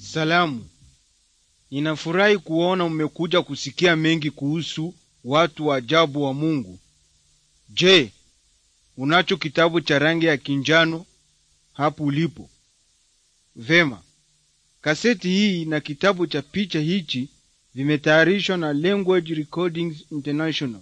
Salamu. Ninafurahi kuona umekuja kusikia mengi kuhusu watu wa ajabu wa Mungu. Je, unacho kitabu cha rangi ya kinjano hapo ulipo? Vema. Kaseti hii na kitabu cha picha hichi vimetayarishwa na Language Recordings International.